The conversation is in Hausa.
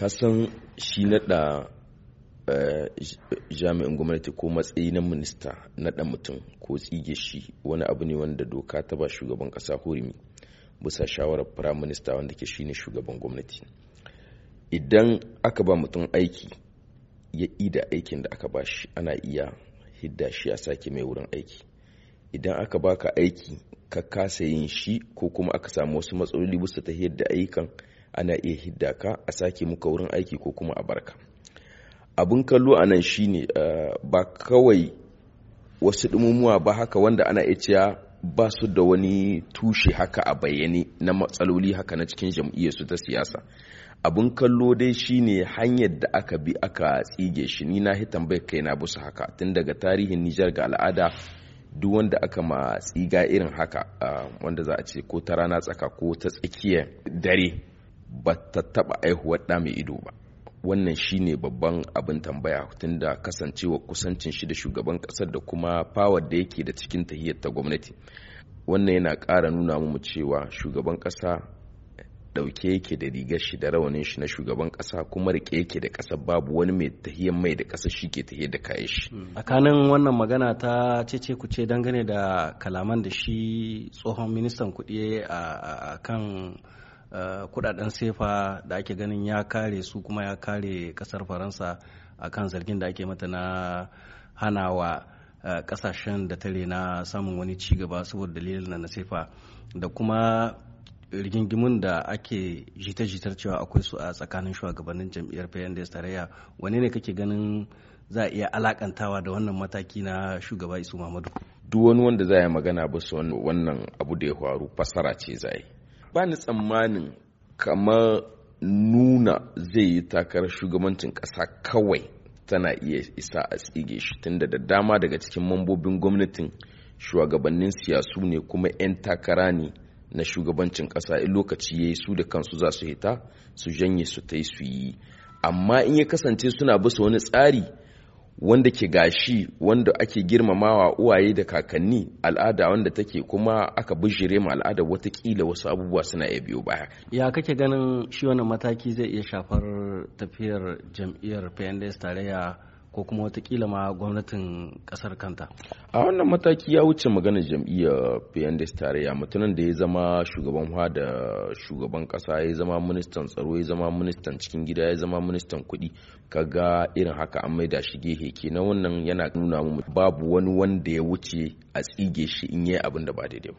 kasan shi naɗa eh, jami'in gwamnati ko matsayi na minista naɗa mutum ko tsige shi wani abu ne wanda doka ta ba shugaban ƙasa hurumi bisa shawarar firayim minista wanda ke shine shugaban gwamnati idan aka ba mutum aiki ya ida aikin da aka ba shi ana iya hidda shi a sake mai wurin aiki idan aka baka aiki ka kasa yin shi ko kuma aka samu wasu matsaloli bisa ta da ayyukan ana iya hidda ka a sake muka wurin aiki ko kuma a barka abin kallo a nan ne, eh, ba kawai wasu ɗumumuwa ba haka wanda ana iya cewa ba su da wani tushe haka a bayyane na matsaloli haka na cikin jam'iyyar su ta siyasa Abun kallo dai shine hanyar da aka bi aka tsige shi ni na bai kai na bisa haka tun daga tarihin nijar ga al'ada duk wanda aka ma tsiga irin haka wanda za a ce ko ta rana tsaka ko ta tsakiyar dare ba ta taba aihuwar ɗa mai ido ba wannan shine babban abin tambaya tun da kasancewa kusancin shi da shugaban kasar da kuma fawar da yake da cikin tahiyar ta gwamnati wannan yana ƙara nuna mu cewa shugaban ƙasa dauke yake da rigar shi da rawanin shi na shugaban kasa kuma rike yake da kasa babu wani mai tahiyan mai da kasa shi ke tahiyar da kayan shi hmm. tsakanin wannan magana ta cece kuce dangane da kalaman da shi tsohon ministan kuɗi a kan kudaden sefa da ake ganin ya kare su kuma ya kare kasar faransa a kan zargin da ake mata na hanawa kasashen da tare na samun wani ci gaba saboda dalilin na sefa da kuma rigingimin da ake jita-jitar cewa akwai su a tsakanin shugabannin jam'iyyar PNDS tarayya wane ne kake ganin za a iya alakantawa da wannan mataki na shugaba Isu Muhammadu duk wani wanda za ya magana ba su wannan abu da ya faru fasara ce za yi ba ni tsammanin kamar nuna zai yi takarar shugabancin ƙasa kawai tana iya isa a tsige shi tunda da dama daga cikin mambobin gwamnatin shugabannin siyasu ne kuma 'yan takara ne na shugabancin ƙasa in lokaci ya su da kansu za su hita su janye su ta su yi amma in ya kasance suna bisa wani tsari wanda ke gashi wanda ake girmamawa uwaye da kakanni al'ada wanda take kuma aka bijire ma al'ada watakila wasu abubuwa suna iya biyo baya ya kake ganin shi wannan mataki zai iya shafar tafiyar jam'iyyar pnds tarayya ko kuma watakila ma gwamnatin kasar kanta a wannan mataki ya wuce magana jam'iyyar pnds tarayya mutumin da ya zama shugaban hwa da shugaban kasa ya zama ministan tsaro ya zama ministan cikin gida ya zama ministan kuɗi kaga irin haka an maida shi gehe kenan wannan yana nuna mu babu wani wanda ya wuce a tsige shi in yi abin da ba daidai ba